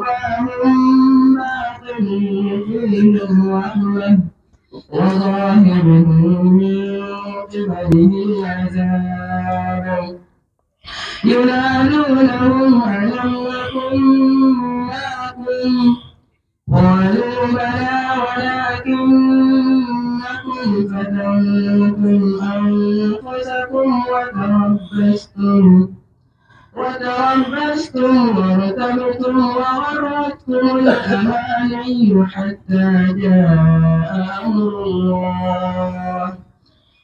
اللهم اغفني فيهم رحمه وظاهره من قبله عذاب ينادونهم علمكم معكم قالوا بلى ولكنكم فتنتم انفسكم وتربصتم وتربصتم وارتبتم وغرتكم الأماني حتى جاء أمر الله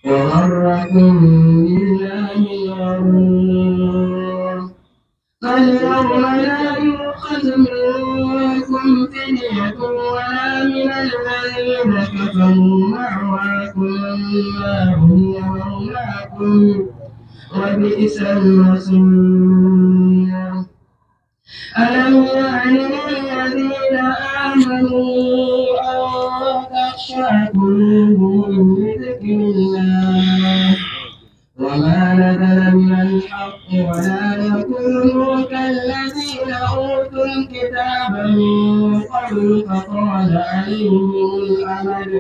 وغركم بالله الغرور فاليوم لا يؤخذ منكم فدية ولا من الذين كفروا معواكم الله هي مولاكم وبئس المصير ألم يعلم الذين آمنوا أن تخشى قلوبهم لذكر الله وما نزل من الحق ولا يكونوا كالذين أوتوا الكتاب من قبل فقال عليهم الأمل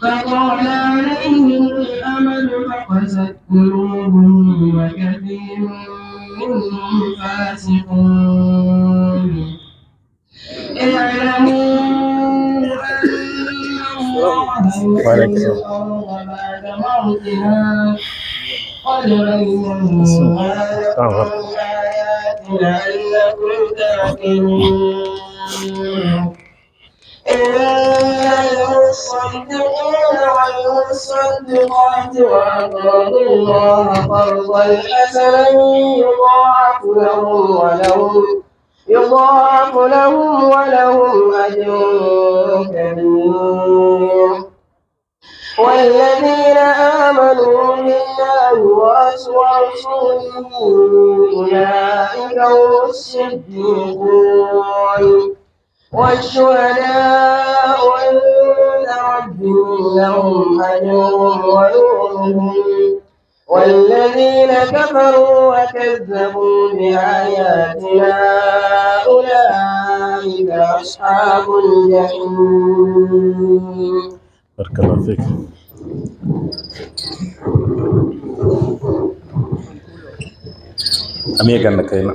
فطال عليهم الأمل فقست قلوبهم وكثير منهم فاسقون اعلموا وعليك السلام بعد موتها قد بينوا آياتنا لعلكم تعقلون الصديقين والصديقات وأقرضوا الله قرضا حسنا يضاعف لهم ولهم يضاعف لهم ولهم أجر كبير والذين آمنوا بالله وأسرعوا أولئك هم الصديقون والشهداء عند ربهم لهم أجرهم ونورهم والذين كفروا وكذبوا بآياتنا أولئك أصحاب الجحيم بارك الله فيك أمي كان لك هنا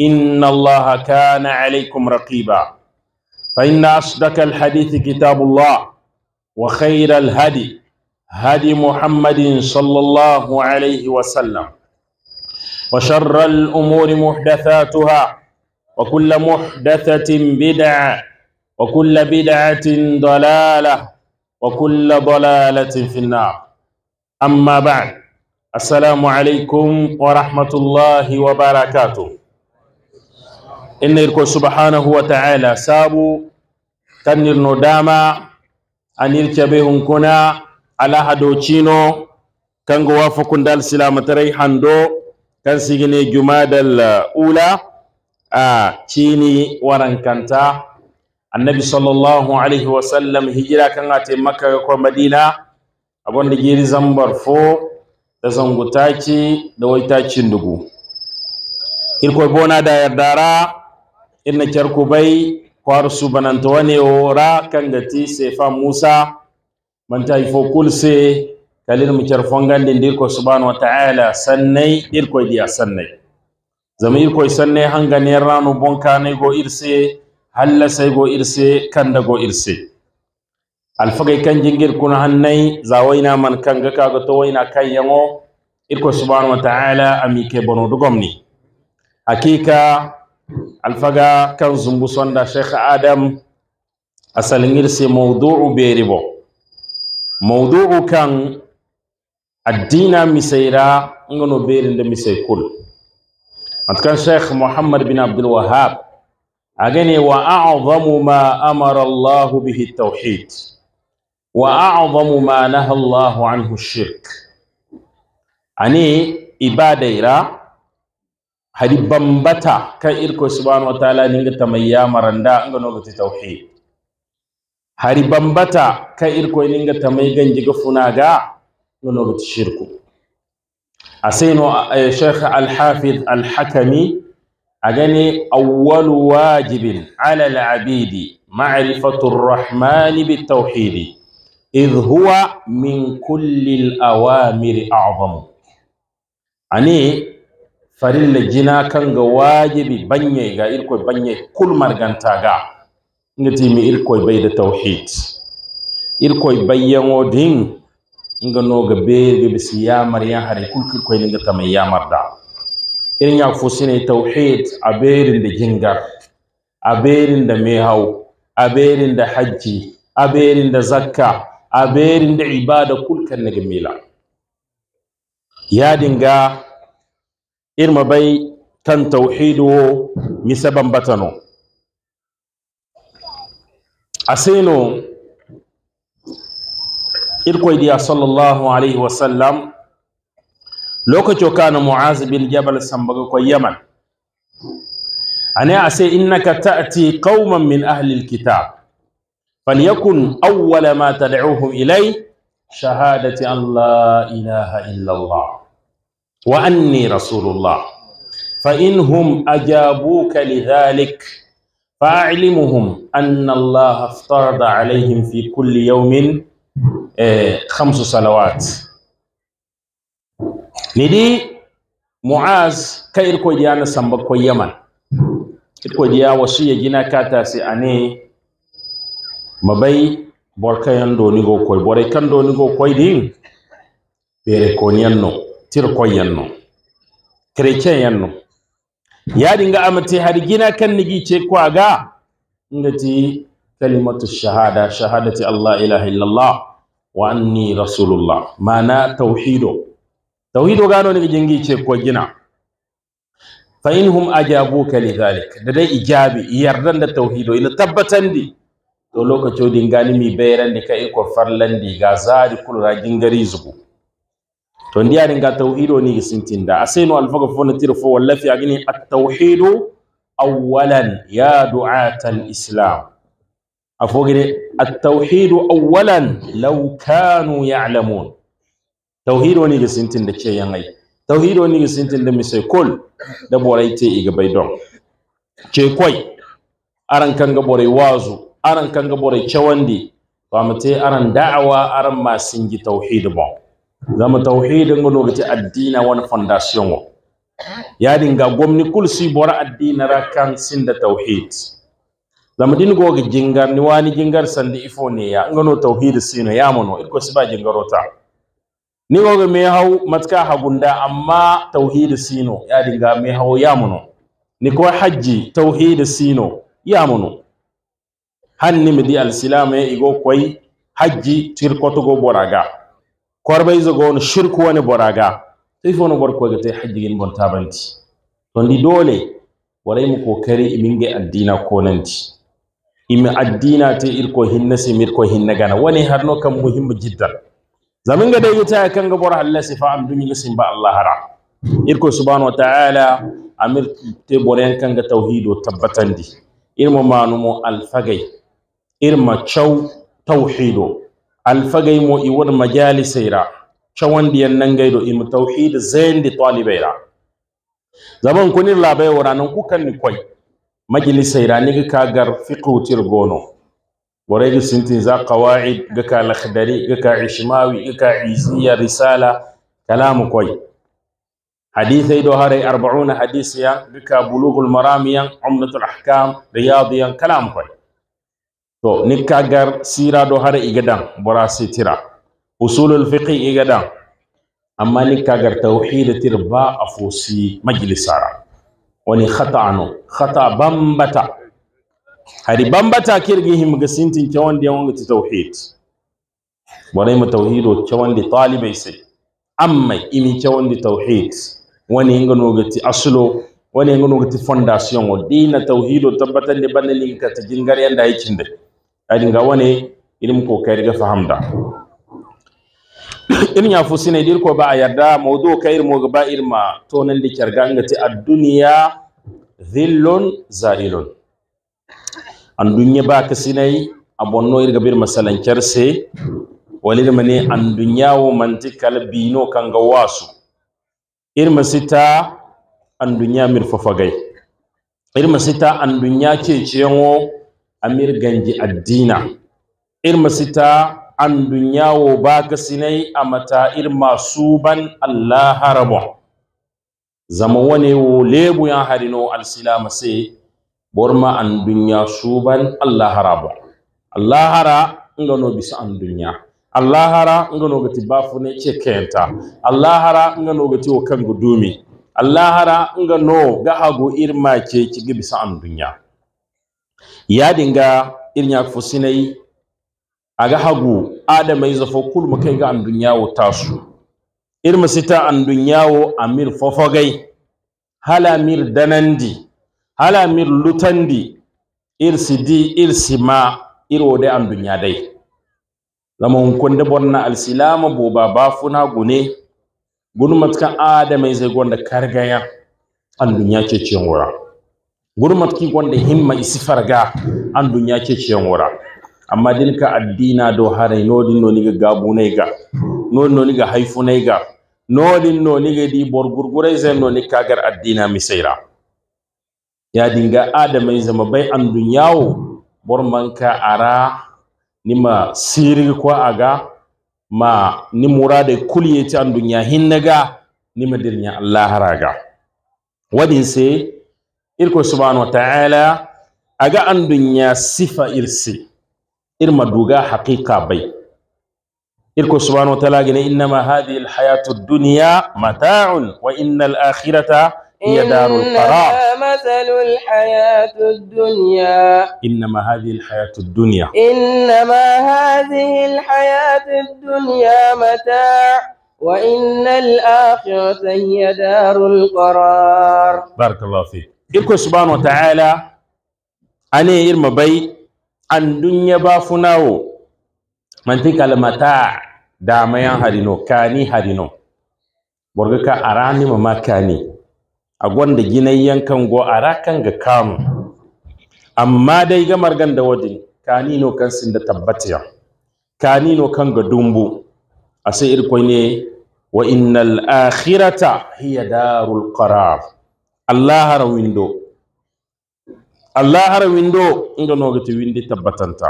إن الله كان عليكم رقيبا فإن أصدق الحديث كتاب الله وخير الهدي هدي محمد صلى الله عليه وسلم وشر الأمور محدثاتها وكل محدثة بدعة وكل بدعة ضلالة وكل ضلالة في النار أما بعد السلام عليكم ورحمة الله وبركاته inna irko subhanahu wa ta'ala sabu kan no dama anir cabe hunkuna ala hado chino kango wafa kundal silamatarai hando kan sigine jumadal uh, ula a chini warankanta annabi sallallahu alaihi sallam hijira kan ate makka ko madina abonde jiri zambar fo da zangutaci da waitacin dubu irko bona da yardara inna charku bay kwar subananta wane ora kangati sefa musa manta ifo kulse kalir mu charfongande ndirko subhanahu wa ta'ala sannai irko diya sannai zama irko sannai hangane ranu bonkane go irse halla sai go irse kanda go irse alfagai kan jingir kuna hannai zawaina man kanga kaga to waina kan yango irko subhanahu wa ta'ala amike bono dugomni hakika alfaga kan zumbu sonda sheikh adam asalingirse mawdu'u beribo maudu'u kan addina misaira ngono berinde misay kul matkan sheikh muhammad bin abdul wahab agane wa a'zamu ma amara allah bihi tauhid wa a'zamu ma nahallahu anhu shirk ani ibadaira hadi bambata kan irko subhanahu wa ta'ala ninga tamayya maranda nga no gati tauhid hari bambata kan irko ninga tamay ganji ga funaga nga no gati shirku asaino shaykh al hafid al-hakami agani awwal wajib ala al-abidi ma'rifatu ar-rahman bit-tauhid idh huwa min kulli al-awamir a'zam ani Farin gina jina ga wajibi banye ga irkoi banye kul marganta ga ngati mi bai da tauhid irkoy bayan din nga ga beerbe be si yamar yan hare kul kirkoy ta mai yamar da irin ya fusine tauhid a berin da jingar a berin da mehau a berin da hajji a berin da zakka a berin da ibada kul kan naga mila ya dinga إرما بي تن توحيدو مسبب بطنو أسينو إرقوي ديا صلى الله عليه وسلم لوكا جو كان معاذ بن جبل سنبغكو يمن أنا أسي إنك تأتي قوما من أهل الكتاب فليكن أول ما تدعوهم إليه شهادة أن لا إله إلا الله wa anni rasulullah fa inhum ajabuka lidhalik fa'limuhum anna Allah aftarada alaihim fi kulli yawmin eh, khamsu salawat nidi mu'az kair ko diana samba ko yaman ko diya wasu ya gina kata sai ane mabai borkayan doni go koy kan doni go koy din bere koniyan no yannu ya dinga amince har gina kan nigi ce ga? inda ti kalimatu shahada shahadati allah ilaha illallah wa anni rasulullah mana tauhido tauhido gano ne jingi ce ko gina fa inhum ajabuka zalik da dai ijabi yardan da tauhido ina tabbatan di to lokacin din gani mi bayrandi kai ko farlan di ga zari ragin gingari zugu to ndiyaɗin ga tauhido ni sintinda aseno alfaga fona natiro fo wallafi agini attawhidu awwalan ya islam. du'ata alislam at attawhidu awwalan law kanu ya'lamun tauhido ni ga sintinda ceyangai tauhido ni ga sintinda misai kol da borai te iga bai don ce koi aran ga borai wazu aran ga borai cewandi to te aran da'awa aran masingi Tauhidu bon zama tawhidin ga nogati addina wani fondation wa. Ya ga gwamni kul si bora addina ra kan sinda tauhid zama din ga jingar ni wani jingar sandi ifo ne ya ngano tawhid sino yamono irko siba jingarota ni ga me hau matka hagunda amma tawhid sino ya ga me ya yamono ni ko hajji tawhid sino yamono hanni midi al silama igo koy hajji tirkoto boraga korbe izogon shirku wani boraga tifono borko ga tay hajjigin bontabanti to ndi dole warai mu kokari iminge addina nanti. imi addina te irko hinna mirko hinna gana wani harno kan muhimmi jiddan zamin ga dai ta kan ga bor Allah sifa am dumi nisin ba Allah hara irko subhanahu ta'ala amir te boren kan ga tauhido tabbatan di irmo manumo alfagai irma chau tauhido alfagai mo i won majalisayra nan nangayɗo ima tawhid talibai ra zaman kunir ranar kukan ni kwai koy majalisayra ni ka gar fiqhutir gono borayga sintin za qawaid ga ka lakhdari ga ka ishmawi ga ka iziya risala kalamu kwai hadithai do harai arba'una hadisiya ga ka bulughul maramiyan umnatul ahkam riyadiyan kalam kwai to ni kagar sira do hara igadan bora sitira usulul fiqi igadan amma ni kagar tauhid tir ba afusi majlisara wani khata'anu khata bambata hari bambata kirgi him gasintin ke wanda yawan ta tauhid bora mu tauhido ke wanda talibai sai amma imi ke wanda tauhid wani ingano gati aslo wani ingano gati foundation wadina tauhido tabbatar da bannin ka ta jingar yanda yakin da ajin ga wane ilim ko kai ga fahamda in ya fusi ne dir ko ba a yarda mawdu kair mo ga ba'ir ma to nan da kyarga ga ti ad-dunya dhillun zalilun an dunya ba ka sinai abonno irga bir masalan kerse walil mani an dunya wo mantikal bino kan ga wasu irma sita an dunya mirfafagai irma sita an dunya ce ciyanwo amir ganji addina irma sita an dunyawo ka sinai a mata irma suban allah harabo zama wane wo lebu yan harino alsilama sai borma an dunya suban allah harabo allah hara no bisa an dunya allah hara no gati bafune ce kenta allah hara no gati wo kan dumi allah hara no ga hago irma ce ci gibisa an dunya yadinga irnya fusinai ga hagu mai zafo kul kai ga andunyawo tasu irin mu sita andunyawo amir fofogai hala danandi hala lutandi irsi di irsi ma iro dai andunya dai lamun kunde bonna alsilama ba funa gune gunu adam mai zai gwanda kargaya andunya ce cin wura gurmat ki gonda himma isi farga an dunya ke ciyan wura amma dinka ka addina do harai nodin no niga gabu nai ga non no niga haifu nai ga nodin no niga di bor gurgurai zai no nika gar addina misaira ya dinga adamai zama bai an dunyawo bor manka ara nima sirri ko aga ma ni murade kuliyeti an dunya hinnaga nima dirnya allah haraga wadin sai irko subhanahu wa ta'ala aga an dunya sifa irsi irma duga haqiqa bai irko subhanahu wa ta'ala gine innama hadhihi alhayatu ad-dunya mata'un wa innal akhirata هي دار القرار مثل الحياة الدنيا إنما هذه الحياة الدنيا إنما هذه الحياة الدنيا متاع وإن الآخرة هي دار القرار بارك الله فيك irko subhanahu ta'ala ane irma bai an dunya ba funawo manti kalmata da harino kani harino borga ka arani ma kani a gwanda ginai yankan go arakan ga kamu amma dai gamar ganda da kani no kan sin da tabbatiya kani no kan ga dumbu a sai irko ne wa innal akhirata hiya darul qarar allahara windo allahara windo nga nogati windi tabbatanta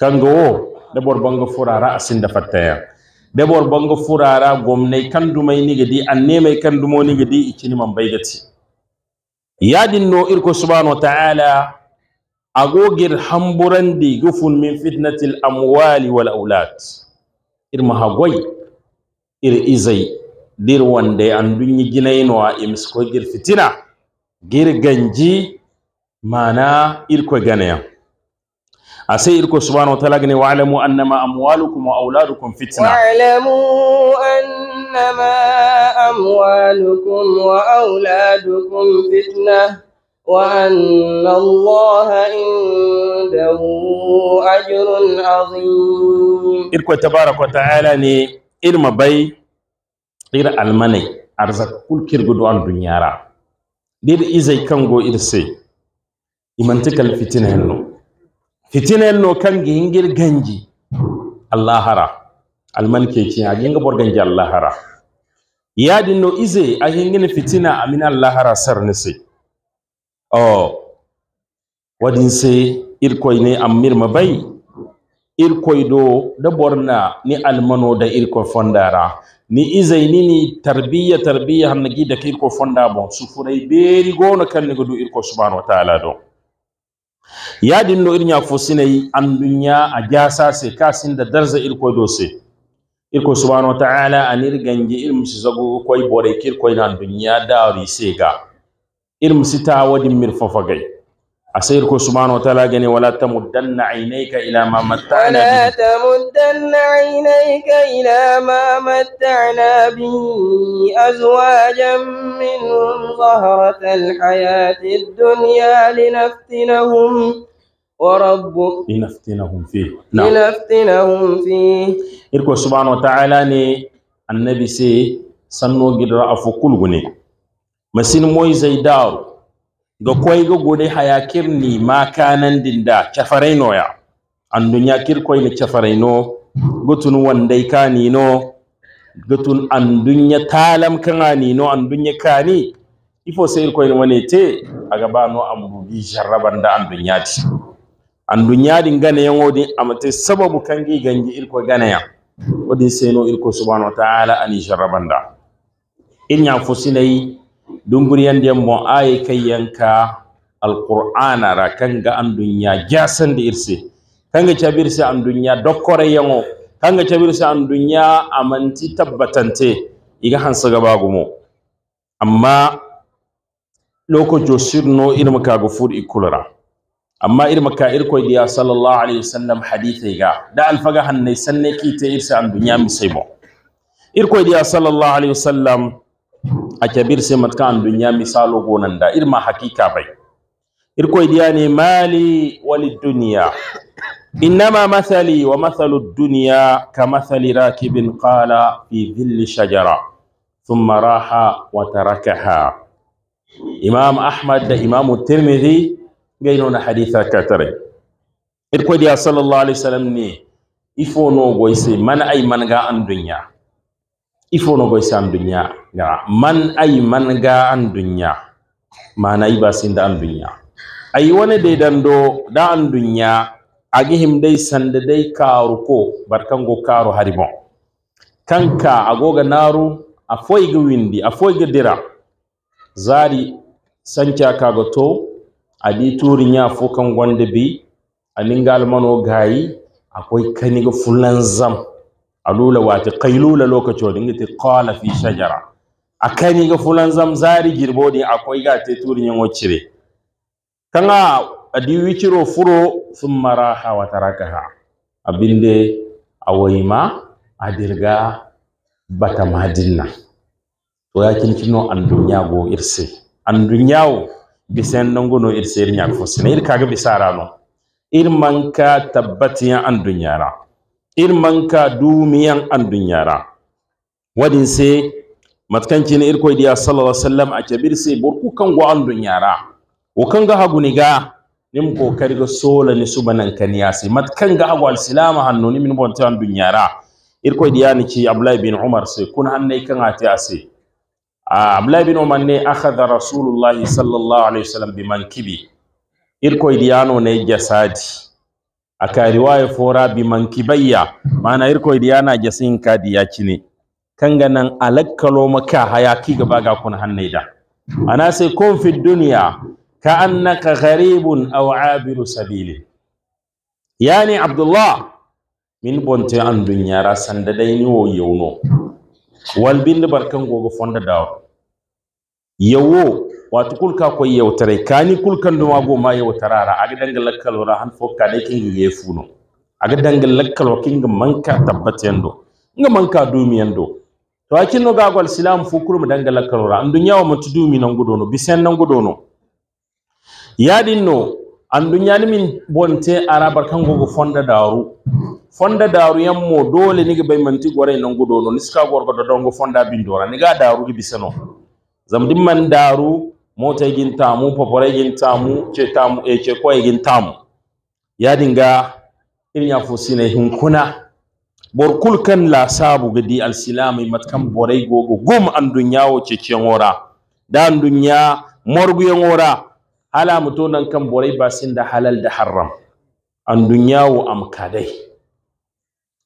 kanga wo debor banga furara asinda fattaya debor banga furara gomnai kandu may ni gadi anne mai mo dumo ni ikini man baigati yadin no irko subhanahu wa ta'ala agogir hamburandi gufun min fitnatil amwali wal aulad irma mahagwai ir izai dir wande an dunyi ginaynowa imsko gir fitina gir ganji mana irko ganeya ase irko subhanahu wa ta'ala wa alamu, annama amwalukum wa auladukum fitna Wa alamu, annama amwalukum wa auladukum fitna Wa وأن الله عنده أجر عظيم إركو تبارك ta'ala ni إرما bay ira almanai arzak kul do an dunyara dir izai kango irse imantikal fitina henno fitina henno kangi hingir ganji allahara alman keci a ginga bor ganji allahara yadin no izai a hingin fitina amina allahara sarnise o wadin se irkwai ne amir mabai Irkwai do da borna ni almano da irkwai fondara ni ni tarbiyya tarbiya hamna da kai ko fonda bon sufurai beri gono kan ni du irko subhanahu wa ta'ala do yadin no irnya fusinai an dunya a jasa se kasin da darza irko do se irko subhanahu wa ta'ala an ganji irmu si zago koy bore kir koy nan dunya dari sega irmu sita wadin mirfafagai asayir ko subhanahu wa ta'ala gane wala tamuddanna aynaka ila ma matta'na bihi wala tamuddanna aynaka ila ma matta'na bihi azwajan minhum zahratal hayatid dunya linaftinahum wa rabbuk linaftinahum fi na linaftinahum fi irko subhanahu wa ne annabi sai sanno gidra afu kulguni masin moy zaidaru ga koy ga gode haya kirni ma kanan dinda chafareno ya an dunya kir koy ni chafareno gutun wandai kani no gutun an dunya talam kani no andun ya kani ifo sai ni wane te aga ba no ambugi jarraban da andun ya ti dunya ya dingane yan wodin amate sababu kangi gangi gane ganaya wodin sai no ilko subhanahu wa ta'ala ani jarraban da in ya fusinai dunguriyan mo bon aye al alqur'ana ra kanga an dunya jasande irse kanga cabirse an dunya dokkore yango kanga cabirse an dunya amanti tabbatante iga hansa gabagumo amma lokoco sirno irma kaga fur ikulara amma irma ka irko diya sallallahu alaihi wasallam hadithai ga da alfaga hannai sanne te irse an dunya misaymo Irko diya sallallahu alaihi wasallam acabir se matka an dunya misalo gonanda irma hakika bai irko idiyani mali walidunya إنما مثلي ومثل الدنيا كمثل راكب قال في ظل شجرة ثم راح وتركها إمام أحمد إمام الترمذي قيلون حديثا كتري إركوديا صلى الله عليه وسلم ني إفونو غويسي من أي من غا الدنيا ifonogoy san dunya ya man ay man ga an dunya mana ay basinda an dunya ay wone dai dan do da an dunya agi him dai sande dai karu ko barkango karu haribon kanka agoga naru afoy ga windi afoy ga dira zari sanca kaga to adi turi nya fo kan gonde bi aningal mano gayi akwai kaniga fulan zam alula wata kailula lokaco wadda te qala fi shajara yi ga fulan zamzari girbo ne akwai ga te turin yan wacire kanga adiwi kiro furo sun mara thumma raha wa tarakaha abinde a dirga bata madinna to ya kinkino an dunya go irse an dunyawo bisen nan gono irse irnya fosina irka ga bisara no irman ka tabbatin an ra. irmanka dumiyan an dunyara wadin se matkanci ne irko diya sallallahu alaihi wasallam a kabir se burku kan go an dunyara o kan ga haguni ga nim ko kari ga sola ni subanan kan se matkan ga hagu alsilama hanno ni min bonta an dunyara irko diya ni ci abdullahi bin umar se kun hanne kan ati ase abdullahi bin umar ne akhadha rasulullahi sallallahu alaihi wasallam bi mankibi irko no ne jasadi aka riwaya fora bi mankibayya mana irko na jasin ya ci cine kanga nan alakkalo maka hayaki gaba ga kun hannaida ana sai kun fi duniya ka annaka gharibun aw abiru sabili yani abdullah min bonte an dunya ra sanda dai ni wo yawno wal bin barkan gogo fonda dawo yawo watu kulka ko yewtere kani kulkan duma mago ma A aga dangal lakkal wara han fo kane king A aga dangal lakkal o king manka tabbatendo nga manka dumiyendo to akin no gagol islam fu kurum dangal lakkal ra. andu nyawo mo tudumi nan no bisen nan godono yadin no andu ni min bonte arabar kan gogo fonda daru fonda daru mo dole ni bai manti gore nan no niska gorgo do dongo fonda bindora ni ga daru gi biseno zamdin man daru mota gin tamu papara gin tamu ce tamu e ce gin tamu ya dinga irin ya fusi ne hinkuna burkul kan la sabu gidi al silami matkan borai gogo gum an dunya wo ce ce ngora dan dunya morgu yan ngora hala muto kan borai basin da halal da haram an dunya wo am kadai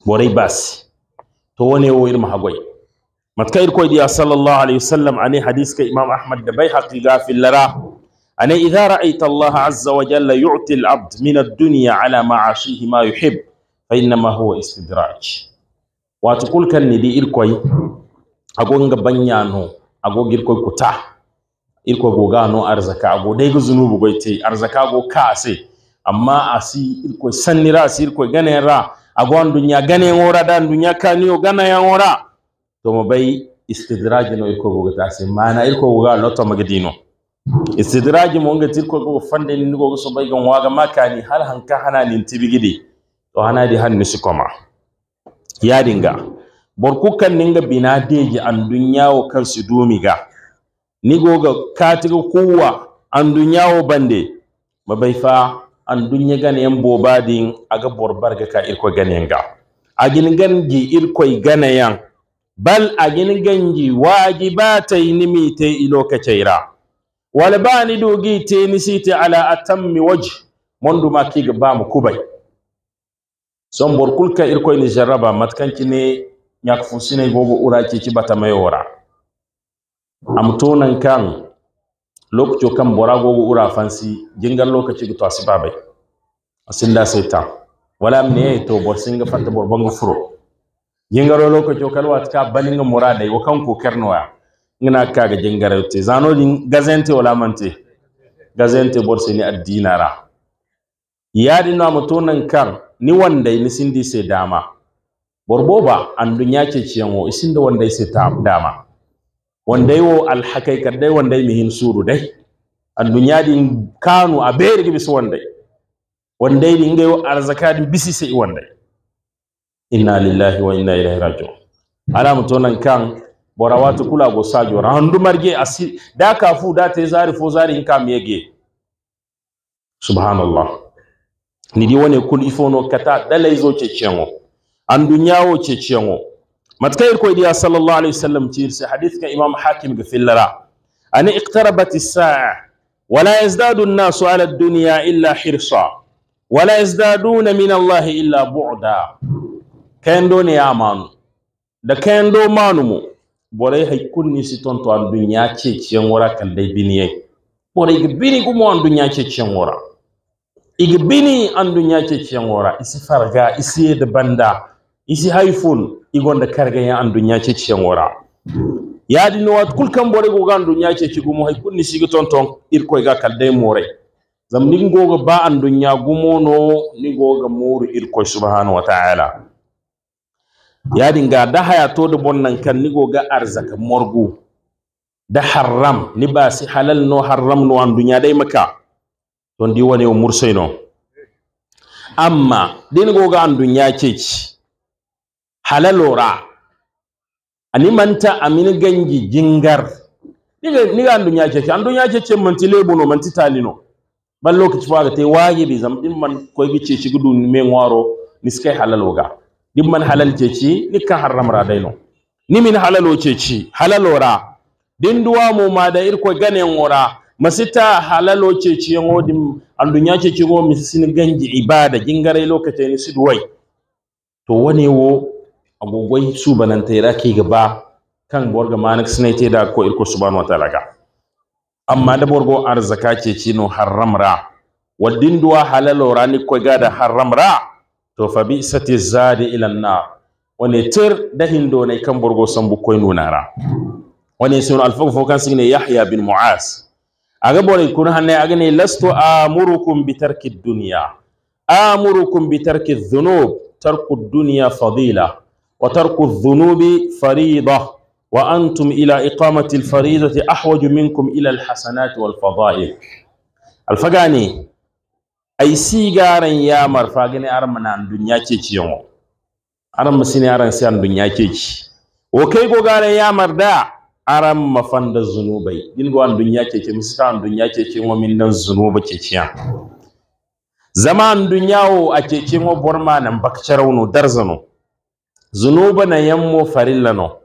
borai basi to wane wo irin hagwai matkair ko diya sallallahu alaihi wasallam ane hadis ka imam ahmad da bai baihaqi gafil lara ane idha ra'aita allah azza wa jalla yu'ti al-abd min ad-dunya ala ma'ashihi ma yuhib fa ma huwa istidraj wato kan ni di irkoy agonga banyano agogir koy kuta irko goga no arzaka ago dai ga zunubu goite arzaka go ka ase amma asi irko sannira asi irko ganen ra agon dunya ganen ora dan dunya kaniyo ganen ora tomo bai istidraji no irko goga mana irko goga lotto magadino istidraji mo ga tirko go fande ni go so bai gan waga makani hal hanka hana nin tibigidi to hana di han ni sikoma ya dinga borkukan ninga bina deji an dunyawo kan su dumiga ni goga katiga kuwa an dunyawo bande mabai fa an dunya yan bobadin aga borbar ga ka irko ganen ga gan gangi irkoi ganayan bal a agin ganji wajibatayni Wani ba ni dogi ta yi nisi ta ala atammi waji ki ba mu kubai son bor kulka irkoyni jarraba ne ñak fu sinay gogo ura cici batamayowora am tonan kan lokacin kan bora gogo ura fansi jingal lokaci ga to asibabay asinda seytan wala mne to bor singa fatta bor bongo furo jingaro kalwa kalwata balinga murada wo ina ka ga kaga te zano din gazente wala mante gazente ni addinara din na mutunan kan ni wanda ni sindi se dama borboba an dunya ce ciyanwo isin da wanda se ta dama wanda wo alhakaikar dai wanda mihin suru dai an dunya din kanu a bayar gibi su wanda wanda din ga arzaka din bisi se wanda inna lillahi wa inna ilaihi raji'un ana mutonan kan borawatu kula go sajo randu marge asi da kafu da te zari fo zari in inka mege subhanallah ni di wone kul ifono kata dalai zo ceccengo an dunyawo ceccengo matkair ko diya sallallahu alaihi wasallam ci si hadith ka imam hakim ga fillara an iqtarabat as-sa'a ولا يزداد ala على الدنيا إلا حرصا ولا يزدادون من الله illa بعدا kendo ne ya manu da kendo manu mu bore hay kunni si to andu nya ce ciyan ngora kan dai biniye bore ig bini kuma andu nya ce ciyan ngora ig bini andu nya ce ciyan ngora isi farga isi de banda isi haifun igon da karga ya andu nya ce ciyan ngora ya di no wat kul kan bore go gan dunya ce ci gumo hay kunni si ton tonton irko ga kal dai more zam ni goga ba andu nya gumo no ni goga moru irko subhanahu wa ta'ala yadin ga da haya to da bonnan kan ni goga arzaka morgu da haram ni ba si halal no haram no an dunya dai maka to ndi wani o no? amma din goga an dunya ci halalora ani manta amin gangi jingar ni ga an dunya ci an dunya ci manti lebu no manti talino ban lokaci fa ga te wajibi zam din man koy ce shi gudu me ngwaro halal waga. duk man halal ce ci nikan haram ra dai no ni min halalo ce ci halalo ra din duwa mu ma da irko gane ngora masita halalo ce ci yango dim andunya ce ci go sin ganji ibada gingare lokacin ni sidwai to wane wo agogoi su banan tayra ke gaba kan borga manak sinaite da ko irko subhanahu wa ta'ala amma da borgo arzaka ce ci no haram ra wadin duwa halalo ra ni ko ga da haram ra to fa bi'sati zadi ila an-nar wani tir da hindo ne kan burgo san koy nunara wani sun alfagu fokan sin ne yahya bin muas aga bore kun hanne aga ne lastu amurukum bi tarki dunya amurukum bi tarki dhunub tarku dunya fadila wa tarku dhunubi farida wa antum ila iqamati al-faridati ahwaju minkum ila al-hasanati wal fadail alfagani ay sigaran yamar gani aran manan dunya keki yongo aran masini aran si an dunya keki o kai go garan yamar da aran da zunubai din go an dunya keki misra an dunya keki mo min dan zunuba keki ya zaman o a keki mo borma nan bakcharawno darzano zunuba na yammo farillano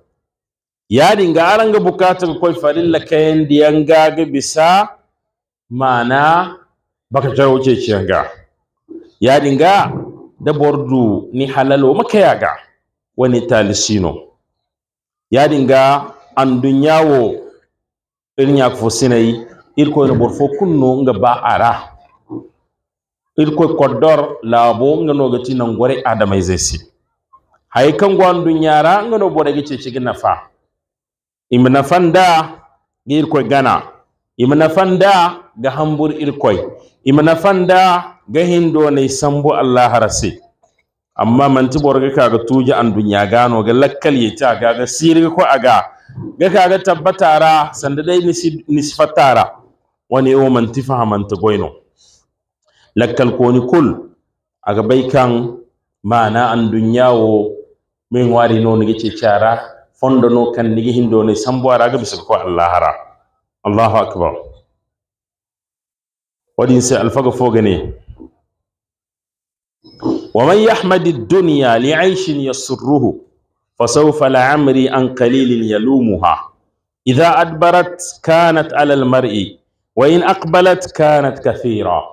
ya dinga ga bukatun koi farilla kayan diyan gaga bisa mana baka ta wuce ya dinga da bordu ni halalo ga wani talisino dinga andun yawo irin ya kufo sinai irko na borfo kunno nga ba ara irko kodor labo nga no gati nan gore adamai zai si hay kan gwandun yara nga no bore gice ci gina fa imna fanda ga irko gana imna fanda ga hambur irkoi imana fanda ga hindo ne sambo Allah harasi amma man ti borga kaga tuja an dunya gano ga lakkal ya ga kaga siri ko aga ga kaga tabbatara sanda dai nisfatara wani o man ti ta goino lakkal koni kul aga bai kan mana an wo, min wari no ni ce cara fondo no kan ni hindo ne sambo ga Allah hara Allahu akbar wadinsu alfaga foga ne waman ya hamadi duniya li'aishin ya surruhu fasaufa la'amri an kalilin ya lumuha idha adbarat kanat alal mar'i wa in akbalat kanat kafira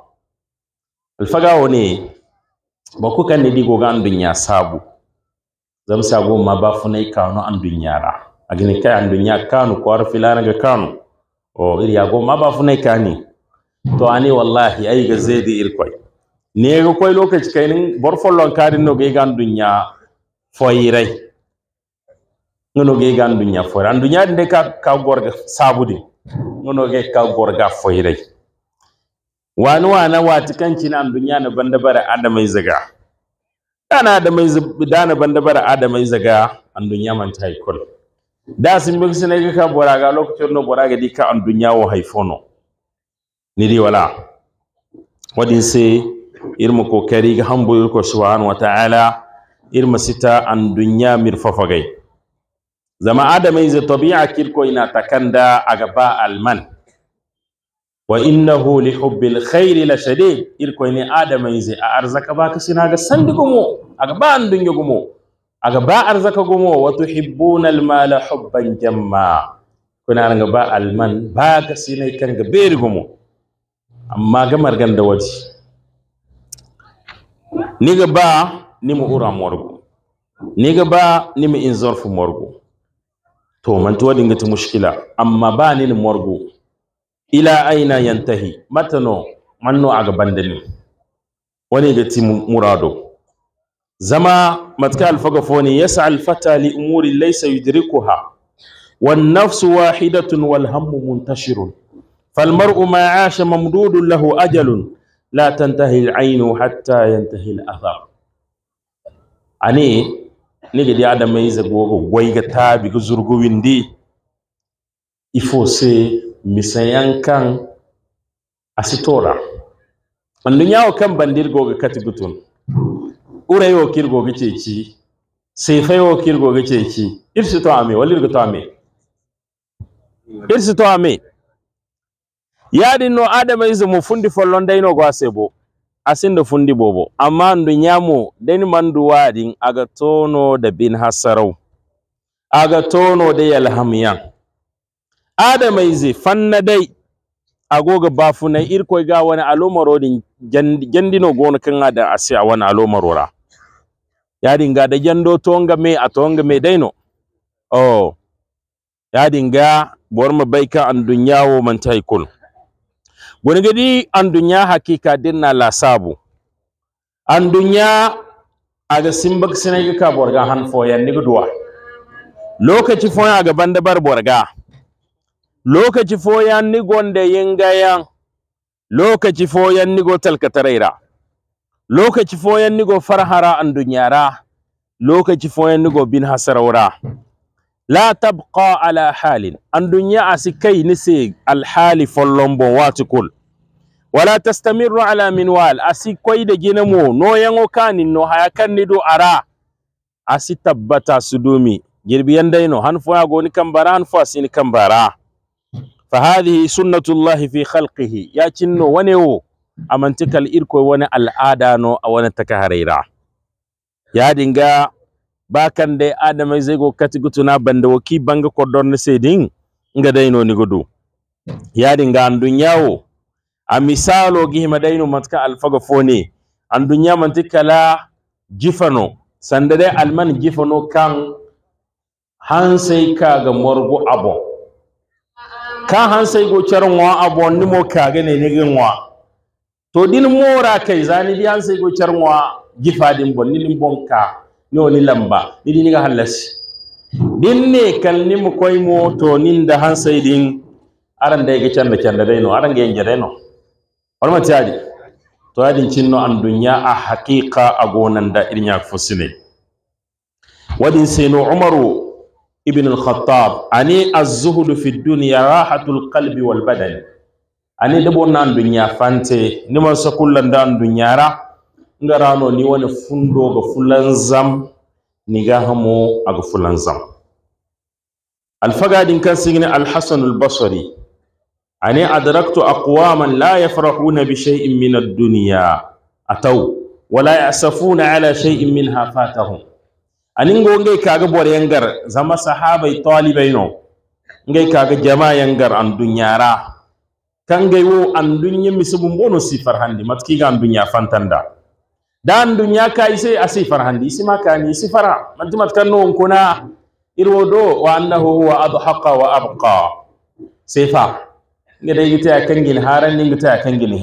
alfaga wani ba kuka ne digo ga sabu zan sa goma ba fi na ika kai an dunya kanu ko har filanar ga kanu ba fi na to ani wallahi ay ga zedi irkoy ne ga koy lokaci kai nin borfolon kadin no ga gan dunya foyirai ngono ga gan dunya foyirai an dunya de ka ka gorga sabudi ngono ga ka gorga foyirai wani wana wati kanci na dunya na banda bara adamai zaga dana adamai dana banda bara adamai zaga an dunya man tai kul da sun bi sun ga ka boraga lokacin no boraga di ka an dunya wo haifono niri wala wadin se irma kokari ga hambo irko subhanahu wataala irma sita an dunya mir fafagay zama adama ize tabi'a kirko ina takanda aga ba alman wa innahu li hubbil khairi la shadid irko ni adama ize a arzaka ba ka sina ga sandi gumo aga ba an dunya gumo aga ba arzaka gumo wa tuhibbuna al mala hubban jamma kuna ga ba alman ba ka sina kan ga beri gumo amma gamar ganda waji ga ba ni mu ura morgo ga ba ni in inzorfu morgo to ga ta mushkila amma ba ni morgo ila aina yantahi matano manno a gaban ni wani ga ti murado zama matka alfagafoni yasa alfata li umuri laysa yudrikuha wan nafsu wahidatun wal hammu muntashirun فالمرء ما عاش ممدود له أجل لا تنتهي العين حتى ينتهي الأثر أني nige di adama yize gogo goyga taabi ga zurgu windi il faut se misayan kan asitora andu nyawo kan bandir goga kati gutun ure yo kir goga ceci sefa yo kir goga ceci irsi ame walir ga ame irsi ame no adama iso mo fundi follon dayno go asebo asinɗo fundi bobo amma ndu nyamo deni mandu wadi aga tono da bin hasarau. aga tono da yalhamyan adama ize fanna dai agoga na irkoy ga wani alomarodin jandino gono kan ada asi a wani alomarora nga da jando tonga me a tonga me daino oh yadinga borma baika an dunyawo man taikul gonigedi andunya hakika dinna la sabu andunya aga simbak sinai ka borga han foyan ni gudwa lokaci ya aga banda bar borga lokaci foyan ni gonde yingayan lokaci foyan ni go talkataraira lokaci foyan ni go farhara ra. lokaci foyan ni go bin hasaraura la tabqa ala halin an dunya asikai nise alhali follombo watukul wala tastamiru ala minwal asikwai da ginamo no yango kanin no hayakan ni do ara asi tabbata sudumi girbiyan daino hanfo ya goni kambara hanfo asini kambara fa hadhihi sunnatullahi fi khalqihi ya cinno wane wo amantikal irko wani al'ada adano a wani ya dinga bakande e Kati zego na banda waki banga kodorne sedin nga dayno ni godu yadi andun yawo a misalo ma dayno matka alfaga fone andunya man tikala jifano Sanda dai alman jifano kan ka kaga morgo abo kan sai go wa abo ka kaga ne gin wa? to din mora kai zani di sai go wa jifadin bon limbon ka ni lamba idi ni ga halas din ne kan ni mu koy mo to nin da han sai aran da ga canda canda dai no aran ga yin dai no horma tiadi to adin cinno an dunya a haqiqa a gonan da irin ya fusine wadin sai no umaru ibn al-khattab ani az-zuhd fi dunya rahatul qalbi wal badan ani da bonan dunya fante ni man sakullan dan ra nga rano ni wani fundo ga fulan zam ni ga hamo aga fulan zam alfagadin kan sigini alhasan albasri ani adraktu aqwaman la yafrahuna bi shay'in min ad-dunya ataw wala ya'safuna ala shay'in minha fatahum anin gonge kaga bor yangar zama sahabai talibai no ngai kaga jama yangar an dunyara kan gaiwo an dunya misubun bono sifar handi matki ga an dunya fantanda dan dunya ka sai asifar handi isima kani isifara mantimat kanno kuna irwodo wa annahu huwa adhaqa wa abqa sifa ngede gite akangil haran ningita akangil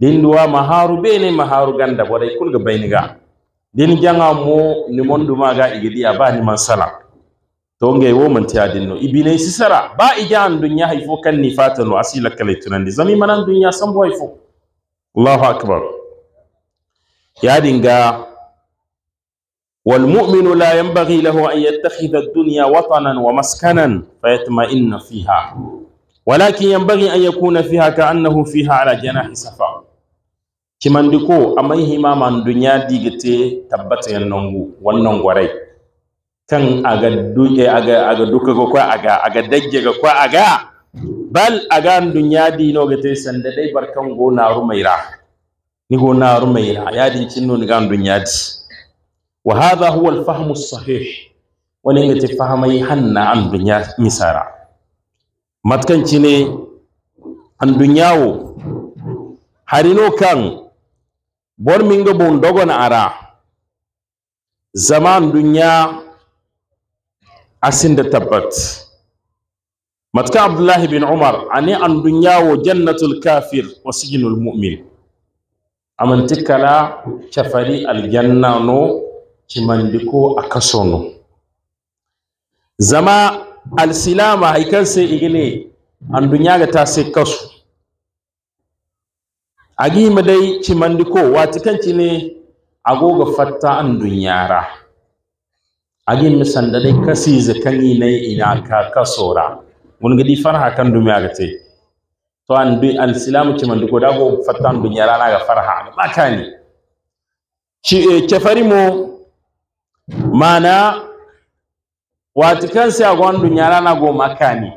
Din duwa maharu bene maharu ganda boday kulga bayniga din janga mo ni monduma ga igidi abani mansala to nge wo man tiya dinno ibine sisara ba ijan dunya haifo kan nifatan wa asila kale tunandi zami manan dunya sambo haifo Allahu akbar ya dinga wal mu'minu la yanbaghi lahu an yattakhidha ad-dunya watanan wa maskanan fayatma'inna fiha walakin yanbaghi an yakuna fiha ka'annahu fiha ala janahi safa kimandiko amai man dunya digite tabbata yan wannan gwarai kan aga duke eh, aga aga duka ko aga aga dagge ga kwa aga bal aga dunya dino no sande sanda dai barkan go naru maira نيغو نار ميرا يادين تنو نغان دنيات وهذا هو الفهم الصحيح ونيغتي فهمي حنا عن دنيا مسارا متكن تشيني عن دنياو هارينو كان بور مينغو بون دوغون ارا زمان دنيا أسند تبت متك عبد الله بن عمر عني عن دنيا وجنة الكافر وسجن المؤمن amanti kala cafari aljanna no Cimandiko a kaso no zama alsilama ay sai se i ga ga ta sai kasu a gima dai, Cimandiko, cimandi ko waati cine ga fatta anduɲɲa ra a ga misan sanda dai, kasi kaŋ na nay ka kaso ra guna farha kaŋ ga to an bi an silamu ci man go fatan fattan du na ga farha makani ci eh, kefari mo mana wati kan sai agon du na go makani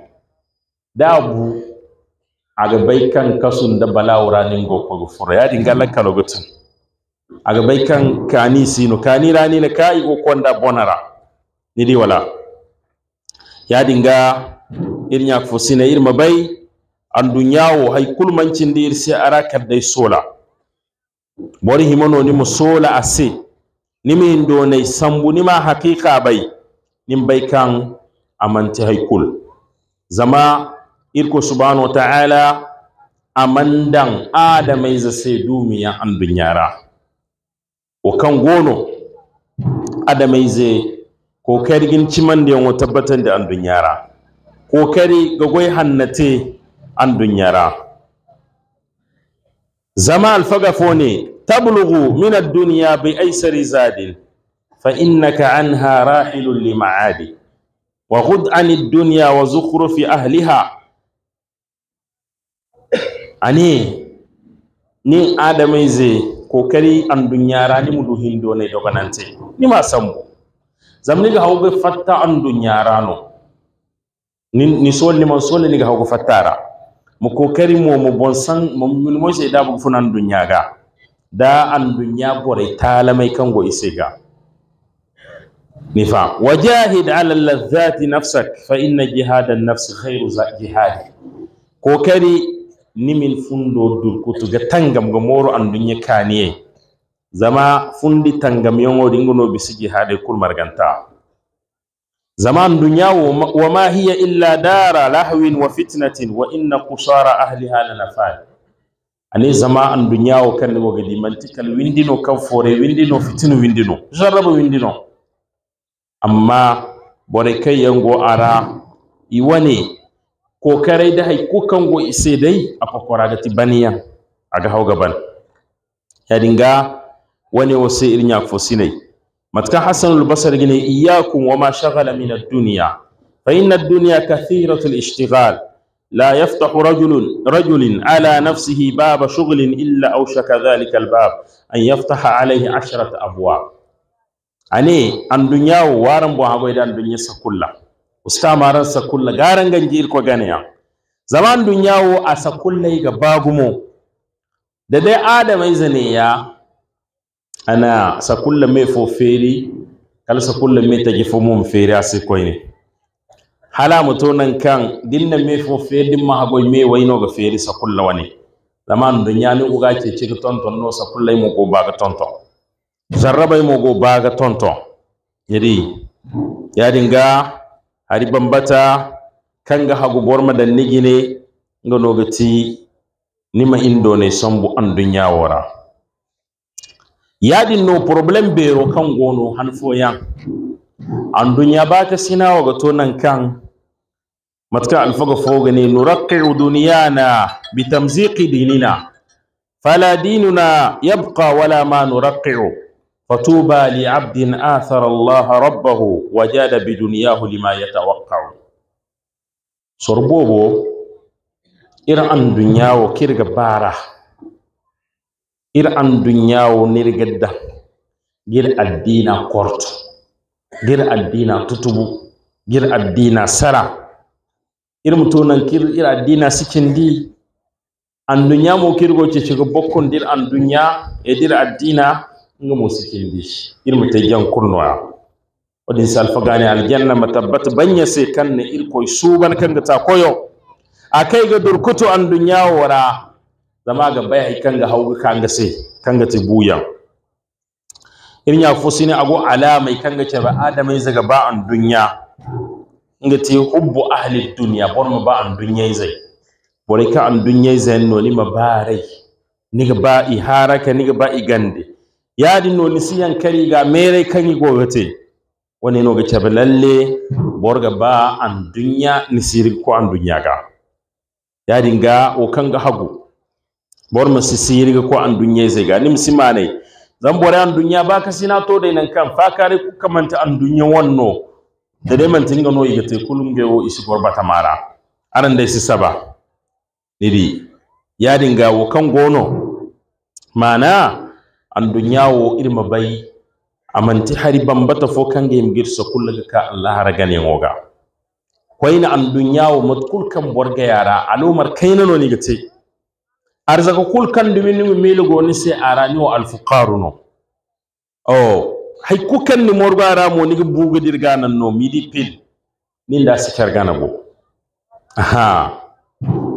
da bu aga bai kan kasun da balawura nin go ko fura ya dingala kalo gutun aga bai kan kani sino kani rani na kai go konda bonara ni di wala ya dinga irin ya irma bai andu ñaawo da kulmancindir a ara kadday sola bori mu sola a se nimin donay sambu ni ma haqiqa bay nin bay kan amanti hay kul zama irko subhanahu wa ta'ala amandan adamai za sai dumiya an dunyara o kan gono adamai zai gin cimande da wa tabbatar da andu ñara kokari ga gwai hannate an dunyara zama alfaga fone tablugu min ad-dunya bi aysari zadin fa innaka anha rahilun li ma'adi wa khud an ad-dunya wa zukhrufi ahliha ani ni adamai ze kokari an dunyara ni mudu hindo ne doganante ni ma mu zamni ga hawbe fatta an dunyara no ni ni sol ni man sol ni ga hawbe fattara Mu kokari bon san mu mu sai da bu funan dunya ga da an dunya bore talamai kan go ga nifa wajahid ala ladhati nafsak fa inna jihadan nafsi khairu jihad kokari min fundo kutu ga tangam ga moro an dunya kaniye zama fundi tangam yongo dingo no bisi jihad kul marganta zaman dunyawo wa ma hiya illa dara lahwin wa fitnatin wa inna kusara ahliha lanafal ane zama an dunyawo kan go gadi mantikal windino kan fore windino fitinu windino jarraba windino amma bore kai yango ara iwane kokarai da ko kan go ise dai a da tibaniya a ga hau gaban ya dinga wani wasu irin ya fosinai matuka hassanul basar gine iyakun wa ma shagala min ad-dunya fa inna ad-dunya kathiratul ishtighal la yaftahu rajulun rajulin ala nafsihi baba shughlin illa awshaka dhalika al-bab an yaftaha alayhi asharat abwab ane an dunyawo waran bo hago idan dunya sakulla usta maran sakulla garan ganji ko ganeya zaman dunyawo a sakulla ga bagumo da dai adamai zane ya ana sakulla me fo feri kala sakulla me tagi fo mun feri asi ne. hala muto nan kan dinna me fo feri din ma hagoy me waino ga feri sakulla wani zaman ya ni uga ce ce tonton no sa sakulla mo go baga tonton. ton zarraba mu go baga tonton yadi ya dinga hari bambata ga hagu borma da nigine ngano gati nima ma indone sombu an dunya wora yadin no problem bero kan gono hanfo yan an dunya ba ta sina wa gato nan kan matka alfaga foga ne nuraqi duniyana bi tamziqi dinina fala dinuna yabqa wala ma nuraqi fatuba li 'abdin athara Allah rabbahu wajada bi dunyahu lima yatawaqqa sorbobo ira an dunya wa kirga bara ir an dunyawo nirgedda gir addina korto gir addina tutubu gir addina sara ir mutunan kir ir addina sikindi an dunya mo kirgo ce shiga bokkon dir an dunya e dir addina nga sikindi ir mutay jan kunnoya sal salfa al aljanna matabbat banya se kanne ir koy suban kanga ta koyo akai ga durkutu an dunyawo wara zama ga bai kanga ga kanga sai kanga ti buya. irin ya fusi ne ago alama kanga ce ba adamai zaga ba an dunya nga ti hubbu ahli dunya bor ma ba an dunya zai bore ka an dunya zai no ni ma barai ni ga ba i haraka ni ga ba i gande ya di no ni siyan kari ga mere kan yi gogote wani no ga ce lalle bor ga ba an dunya ni sirri ko an dunya ga ya dinga o kanga hagu bor ma ga ko an dunya zega nim simane zan bore an dunya ba ka sina to dai nan kan fa kare ku kamanta an dunya wanno da dai man tininga no ta kulum ga wo isi bor mara aran dai saba nidi ya dinga wo kan gono mana an dunya wo irma bai amanti hari bambata fo kan ga imgir so kullaga ka Allah ragane ngoga koyna an dunya wo matkul kan borga yara kaina kainano ni gate arzaka kul kan dumi ni mi mili goni se arani wa alfuqaru no o hay ku kan ni ara mo ni buga dirga no midi pil ni da sikar gana go aha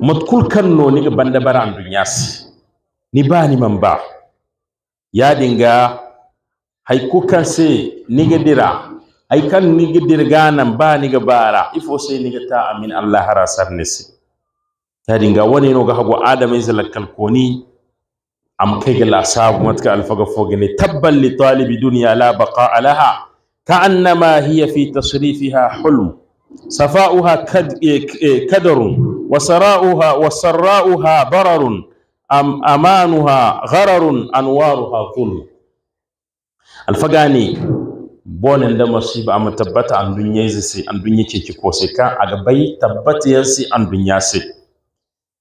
mat kul kan no ni ga banda baran dunyas ni bani man ba ya dinga hay ku kan se ni ga dira hay kan ni ga ba ni ga bara ifo se ni ta amin allah harasar nisi taringa woni no gahago adama isalakkal koni am kegla sabu matka alfaga ne tabban li talibi dunya la baqa Alaha. ka'annama hiya fi tasrifiha hulm safa'uha kad e, e, kadarun wa sara'uha wa sarra'uha bararun am amanuha ghararun anwaruha dhulm alfagani bonen da masiba am tabbata an dunya sai an dunya ce ki ko sai ka aga bai tabbata an dunya sai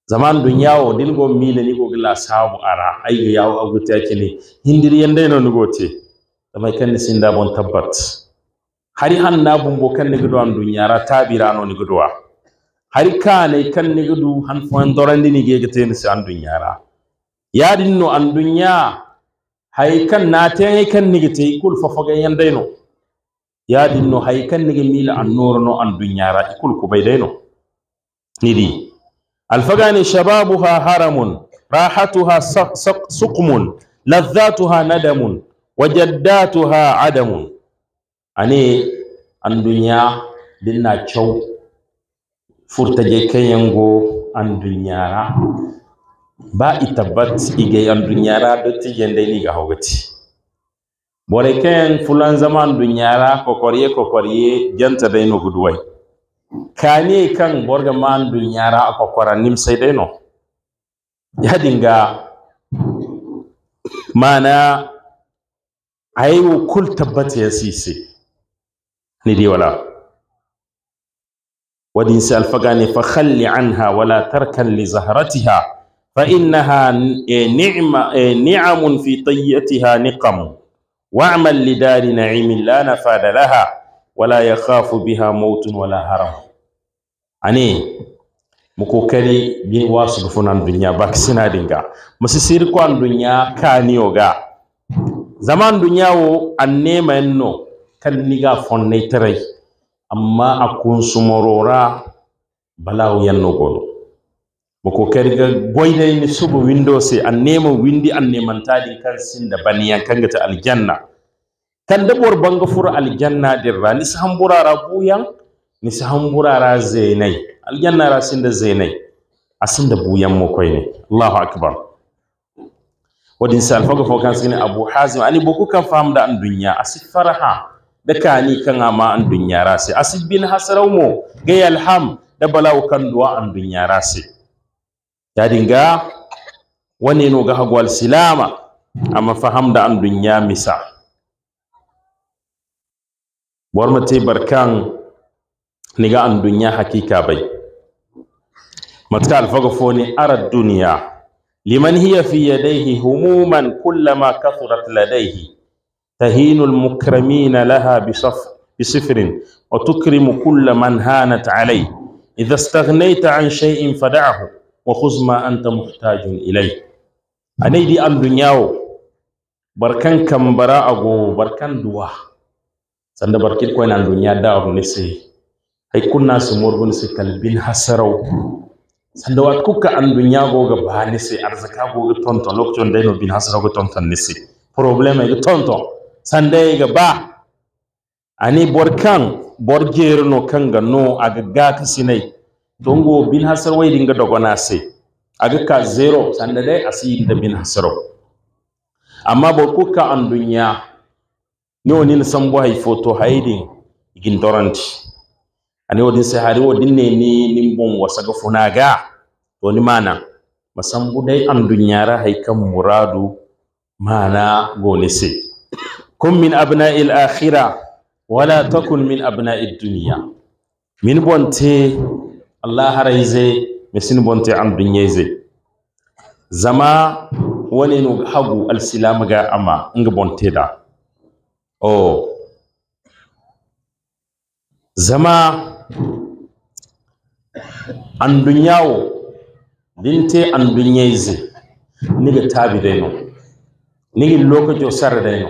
zaman dun yawo dilgo mile ni go gila sabu ara ayyo yawo aguti akini hindir yende no nugo te tamai kan sinda bon tabbat hari han na bumbo kan ni gudu an dunyara tabira no ni guduwa hari ka ne kan ni gudu han fon dorandi ni gege te ni an dunyara yadin no an dunya hay kan na te kan ni gite kul fa faga yende no yadin no hay kan ni mila an noro no an dunyara ikul ko bai dai no ni di alfagani shababuha haramun rahatuha suqmun ladhatuha nadamun wajaddatuha adamun ani an dunya dinna cew furtaje kenyango an dunyara ba itabbat igay an dunyara dotti jende ni ga hawgati bore ken fulan zaman dunyara kokoriye kokoriye janta dayno gudwai kani kan borga man dunyara akwara nim sai dai no ya dinga mana ayi kul tabbata ya sisi ni dai wala wadin sai alfagani fa khalli anha wala tarkan li zahratiha fa innaha ni'ma ni'amun fi tayyatiha niqam wa'mal li dari na'im la nafada laha ولا يخاف بها موت ولا هرم ane muku kari bi wasu funan dunya sina dinga musu sirkon dunya kaniyo ga zaman dunya wo an nema no kan ga fonne tarai amma a kun balawu balawo yanno go muku kari ga goyde ni subu window sai an mo windi an neman tadi kan sin da baniyan kan ga ta aljanna kan dabor banga fur aljanna dirra ni san rabu yang ni wurara zainai, aljanna ra sinda zenai asinda buyan mo ne. allahu akbar wadin sal fogo fo kan abu hazim ani boku kan fam da an dunya asif faraha da kani kan ama an dunya rasi asif bin hasarau mo gay alham da balaw kan duwa an dunya rasi ya dinga wani no ga hagwal silama amma faham da an dunya misa warmate barkan niga an dunya hakika bai matka alfaga foni ara duniya liman hiya fi yadayhi humuman kullama kathurat ladaihi tahinul mukramina laha bisifrin wa tukrimu kulla man hanat alayhi idha istaghnaita an shay'in fada'ahu wa khudh ma anta muhtajun ilayhi anai di an dunyawo barkan kambara ago barkan duwa sanda barkit ko dunya da abu ne sai ay kunna su morbun su kalbin hasarau sanda wa kuka dunya go ga bani sai, arzaka go ga tonton lokacin dai no bin hasarau ga tonton nisi problem ga tonton sanda ga ba ani borkan borgeru no kanga no aga ga sinai. dongo bin hasarau dinga dogona sai aga ka zero sanda dai asi da bin hasarau amma ba kuka an dunya ni wani na san bo hay photo hiding gintoranti ani wodin hari wodin ne ni bon nimbon ga funaga to ni mana masan budai an dunyara haikan muradu mana gone se kun min abna'il akhira wala takun min abna'id dunya min bonte allah me mesin bonte an dunyaize zama wani no hagu alsilama ga ama nga bonte da oh zama an dunyawo dinte an zai niga tabi dayno nigin lokaco sar dayno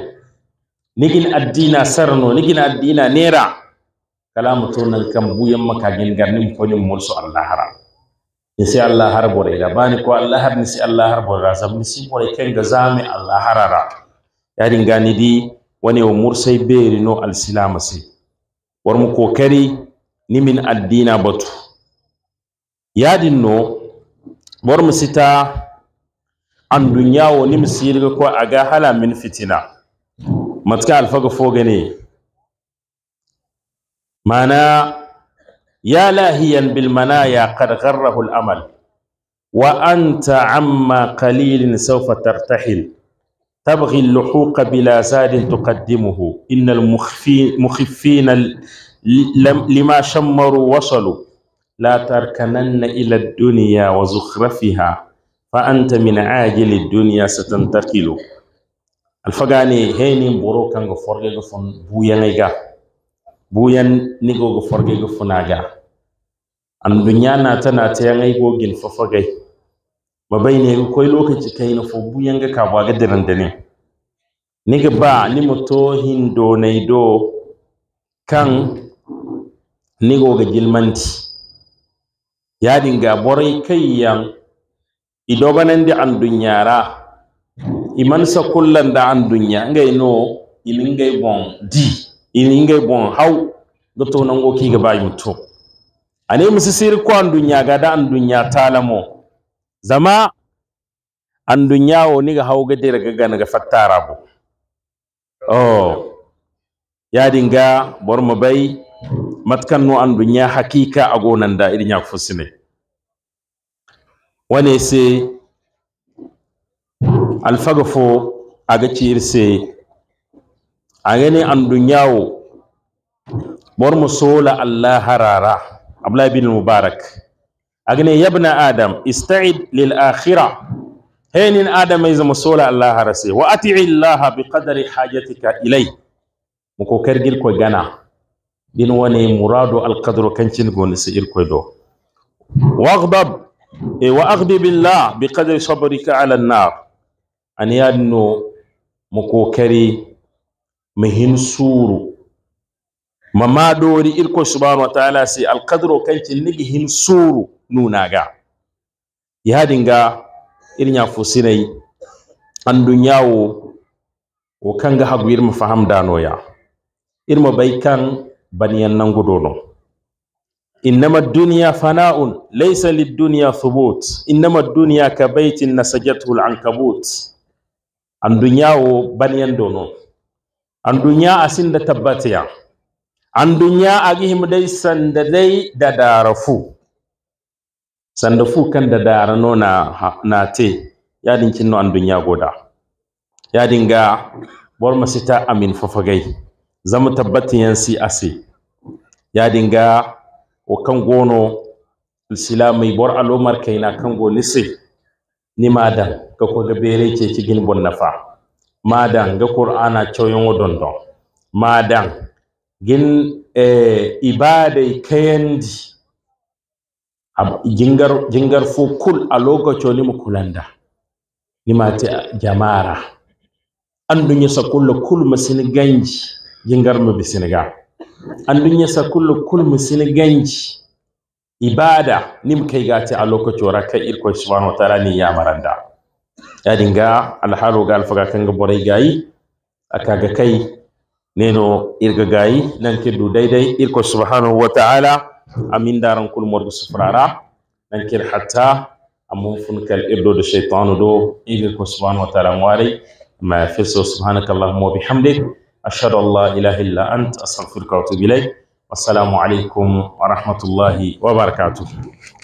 nigin addina no nigin addina nera kalamu to kan buyan makagin garnin kwanin mulsu allah hara ni sai allah har bore da bani ko Allahar, nisi Allahar allah har bore zam ni sai bore ken ga zame allah harara dinga ni di wani wa mursai berino Al alsilama sai war mu kokari nimin addina batu yadin no bor mu sita an dunya wo ko aga hala min fitina matka alfaga foga ne mana ya lahiyan bil manaya qad gharrahu al amal wa anta amma qalilin sawfa tartahil تبغي اللحوق bila زاد تقدمه إن المخفين, مخفين lima shammaru wasalu la tarkananna ila ad-dunya wa zukhrafiha fa anta min ajili ad-dunya satantaqilu alfagani heni boro kanga forge go fon buyan buyan nigo go forge go funaga an na tana ta yan ai go gin babai ne ko lokaci kai na fo buyan ga ka ba ga diran da ne niga ba ni muto hindo naido kan nigo ga gilmanti yadinga boray kayyan idobanandi an dunyara iman sa da an dunya ngay no ilingay bon di ilingay bon haw goto nango ga bayu to ane sir ko an dunya da an dunya talamo zama an dunya wo hau hawga dira gaga ga fattara bo oh yadinga borma bay matkan no andu nya hakika agonanda iri nya fusine wane se alfaga fo aga ciri se agani andu nyawo bor mu sola allah harara abdullah bin mubarak agani yabna adam ista'id lil akhirah هين آدم إذا مسؤول الله رسي وأطيع الله بقدر ilai, mu ko كرجل كو gana. din wani muradu alkadro kancin goni sai irko do? waqdab e wa billah bi qadri sabrika ala an-nar an yaadino mo kokari hin suuru ma maɗori irkoye wa taala si alkadro kancin nigi hin suru. Nuna ga. irña irnya fusinai an dunyawo wo kanga hagu irma fahamdanoya irma baikan baniyan nan gudono innama duniya fana'un laysa lid-dunya thubut innama duniya ka baitin nasajathu al-ankabut an dunyawo baniyan dono an dunya asinda tabbatiya an dunya agihim dai sanda dai da darafu sanda fu kan da darano na na te yadin kinno an dunya goda yadin ga bor masita amin fafagai zamu tabbatiyan si ase ya dinga o kangono silamai bor na kan kango sai, ni madan ga ko gabere ke gin bon nafa madan ga qur'ana coyon dondo madan gin eh, ibade kayandi jingar jingar fu kul a lokaco mu kulanda ni ta jamara andunya sakulla kul masin ganji jingar mu bisiniga andun sa kullu kul musil ibada nim kai gati a lokaci wara kai irko subhanahu wataala ni ya maranda ya dinga alharu ga alfaga kan ga borai gayi aka ga kai neno irga gayi nan ke du daidai irko subhanahu wataala amin daran kul morgo sufrara nan ke hatta amun fun kal irdo do shaytanu do irko subhanahu wataala ngwari ma fiso subhanakallahumma wa bihamdik أشهد الله إله إلا أنت أستغفرك وأتوب إليك والسلام عليكم ورحمة الله وبركاته